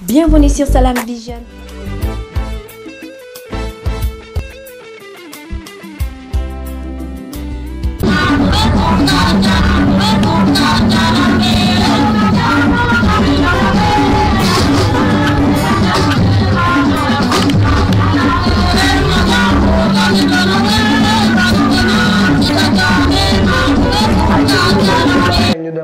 Bienvenue sur di Vision.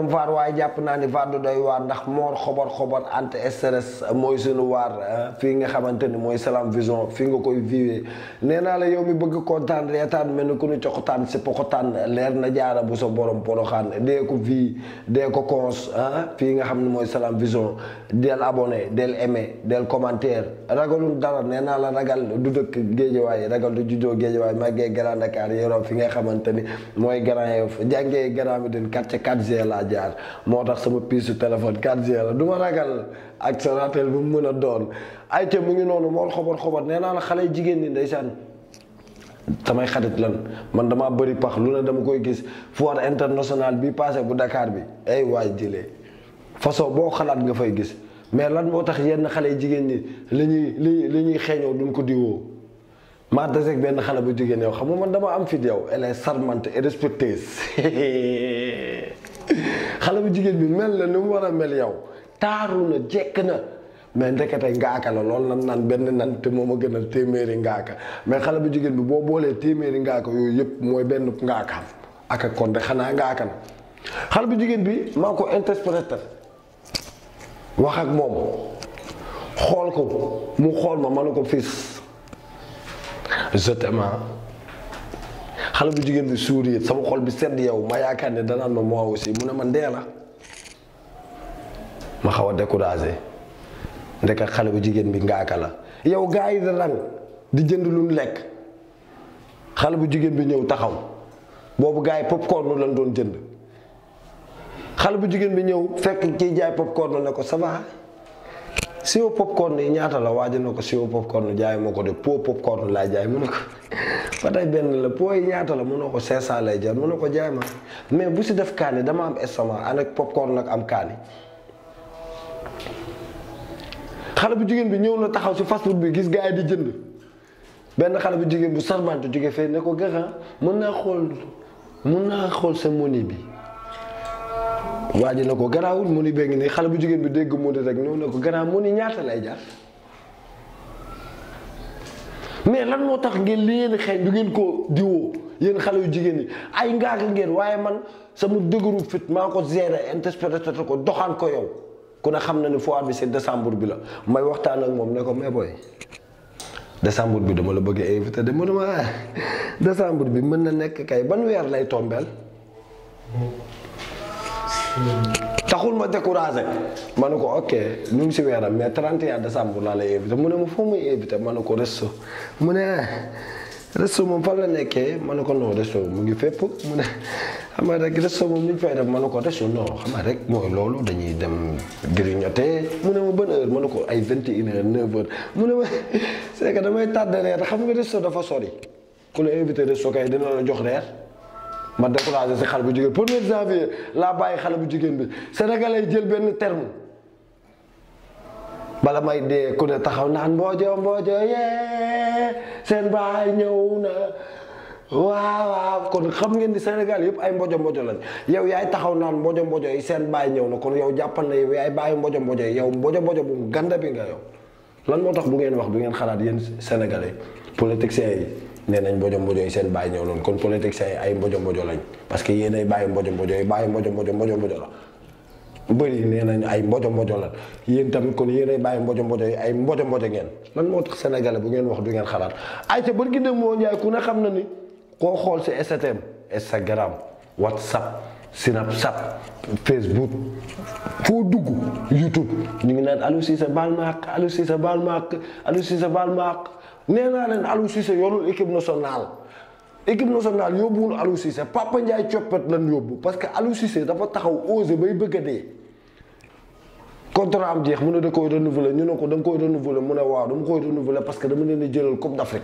dem vaar waaye jàpp naa ni vaar du doy waar ndax moor xobar xobar anti stress mooy suñu waar euh, fii nga xamante ni mooy Salam Vision fii nga koy viwee nee naa la yow mi bëgg kontaan reetaan mel ni ku ñu coxotaan si poxotaan leer na jaara bu sa borom poroxaan dee ko vii dee ko cons fii nga xam ne mooy Salam Vision del abonné del aimé del commentaire ragalul dara nee naa la ragal du dëkk géejawaay ragal du juddoo géejawaay màggee Grand Dakar yoroo fi nga xamante ni mooy Grand Yoff jàngee Grand Médine quartier 4G laa jaar moo tax sama piis su téléphone 4G la du ma ragal ak sa ratel mu mën a doon ay te mu ngi noonu mool xobar xobar nee naa la xale jigéen ñi ndeysaan samay xarit lan man damaa bëri pax lu ne dama koy gis foire internationale bi passé bu dakaar bi ay waay jile façon boo xalaat nga fay gis mais lan moo tax yenn xale yi jigéen ñi li ñuy li li ñuy xeeñoo duñ ko diwoo maa deseg benn xale bu jigéen yow xam nga man dama am fit yow elle est et respectée xale bu jigéen bi mel na ni mu war a mel yow taaru na jekk na mais ndekete ngaaka la loolu nan nan benn nan te moom a gënal téeméeri ngaaka mais xale bu jigéen bi boo boolee téeméeri ngaaka yooyu yëpp mooy benn ngaakaam ak ak kon de xanaa ngaaka na xale bu jigéen bi maa ko interpréter wax ak moom xool ko mu xool ma ma ne ko fils je xale bu jigéen bi suur yit sama xol bi sedd yow ma yaakaar ne danaan ma moi aussi mu ne ma ndee la ma xaw a découragé ndeka xale bu jigéen bi ngaaka la yow gaa yi di rang di jënd lu lekk xale bu jigéen bi ñëw taxaw boobu gaa yi popcorn lañ doon jënd xale bu jigéen bi ñëw fekk ciy jaay popcorn ne ko ça va siwo popcorn yi ñaata la waa ne ko siwo popcorn jaay ma ko de pot popcorn laa jaay mu ne ko fatay benn la poids yi ñaata la mënoo ko 500 lay jar mënoo ko jaay ma mais bu si def kaani dama am estomac ànd ak popcorn nag am kaani xale bu jigéen bi ñëw na taxaw si fast food bi gis gars yi di jënd benn xale bu jigéen bu sarbantu jóge fee ne ko garan mën naa xool mën naa xool sa moni bi waa ji na ko garaawul moni bee ngi xale bu jigéen bi dégg moni rek ñëw na ko garan moni ñaata lay jar mais lan moo tax ngeen li ngeen xeeñ du ngeen koo diwoo yéen xale jigéen ñi ay ngaaka ngeen waaye man sama dëgëru fit maa ko gérer interprété ko doxaan ko yow ku ne xam na ne foire bi c'est décembre bi la may waxtaan ak moom ne ko mais boy décembre bi dama la bëggee a invité de ma dama ah, décembre bi mën na nekk kay ban weer lay tombeel taxul ma découragé ma ne ko ok ñu ngi si weeram mais 31 décembre laa lay invité mu ne ma foo muy invité ma ne ko resto mu ne resto moom fan la nekkee ma ne ko non resto mu ni fépp mu ne xam nga rek resto moom ñu fay def ma ne ko resto non rek mooy loolu dañuy dem grignoter mu ne ma bonne heure ma ne ko ay vingt et une mu ne ma c'est que damay tardé reer xam nga resto dafa sori ku la invité resto kay dina jox reer. ma découragé si xale bu jigéen premier janvier laa bàyyi xale bu jigéen bi sénégalais jël benn terme bala may dee ku ne taxaw naan mboojo mboojo yee seen xam ngeen ni yëpp ay mbojo mbojo lañ yow yaay taxaw naan mbojo mbojo seen baay ñëw na kon yow jàppal na yow yaay bàyyi mbojo mbojo yi yow mbojo mbojo bu ganda bi nga yow lan moo tax bu ngeen wax bu ngeen xalaat yéen sénégalais politiciens yi nee nañ mbojo mbojo yi seen bàyyi ñëw noonu kon politiciens yi ay mbojo mbojo lañ parce que ay bàyyi mbojo mbojo yi bàyyi mbojo mbojo mbojo mbojo la mbëri yi ay mbojo mbojo la yéen tamit kon yéen ay bàyyi mbojo mbojo yi ay mbojo mbojo ngeen man moo tax sénégalais bu ngeen wax du ngeen xalaat ay ca bërgi dem moo njaay ku ne xam na ni koo xool si STM Instagram WhatsApp Snapchat Facebook foo dugg YouTube ñu ngi naan Aliou Cissé baal ma ak Aliou Cissé baal ma ak Aliou Cissé baal ma ak nee naa leen Aliou Cissé yorul équipe nationale équipe nationale yóbbuwul Aliou Cissé Papa Ndiaye coppet lan yóbbu parce que Aliou Cissé dafa taxaw osé bay bëgg a dee contrat am jeex mu ne da koy renouveler ñu ne ko da nga koy renouveler mu ne waaw dama koy renouveler parce que dama leen di jëlal Coupe d'Afrique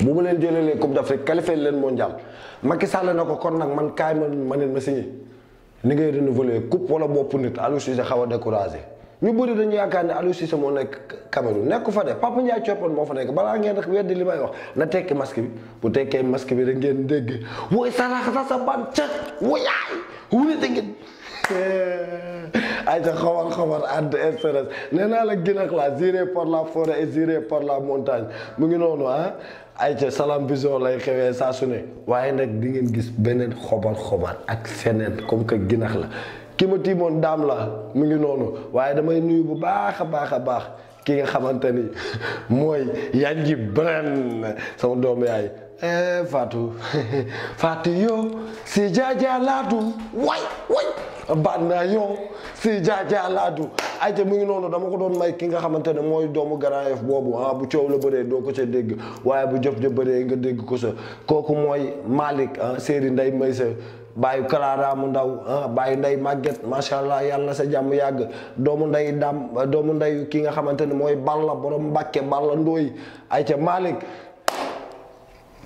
bu ma leen jëlalee Coupe d'Afrique qualifié leen mondial Macky Sall na ko kon nag man kaay ma ma leen ma ni ngay renouveler coupe wala bopp nit Aliou Cissé xaw a ñu bëri dañu yaakaar ne Aliou Cissé moo nekk Cameroun nekk fa de Papa Ndiaye coppoon moo fa nekk balaa ngeen rek weddi li may wax na tekki masque bi bu tekkee masque bi rek ngeen dégg wooy saraxasa sa ban ca wayaay wune da ngeen ay ca nee naa la ginax la géré par la la montagne mu ngi noonu ah ay ca Salam Vision lay xewee saa su ne waaye nag di ngeen gis beneen xobar xobar ak seneen comme que ginax la ki ma tiimoon daam la mu ngi noonu waaye damay nuyu bu baax a baax a baax ki nga xamante ni mooy yan ji bren sama doom yaay eh, Fatou Fatou yo si jaajalaatu way way naa yo si jaajalaatu ayca mu ngi noonu dama ko doon may ki nga xamante ne mooy doomu Grand Yoff boobu ah bu coow la bëree doo ko sa dégg waaye bu jot ja bëree nga dégg ko sa kooku mooy Malick ah séeri ndey may sa baayu Clara mu ndaw ah, bàyyi baayu nday màgget macha allah yàlla sa jàmm yàgg doomu nday dam doomu nday ki nga xamante ni mooy la borom Mbàkke Balla Ndooy ay ca Malick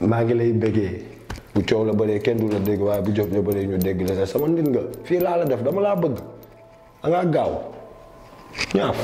maa ngi lay bëggee bu coow la bëree kenn du la dégg waaye bu jot la bëree ñu dégg la sama nit nga fii laa la def dama laa bëgg da ngaa gaaw ñaaf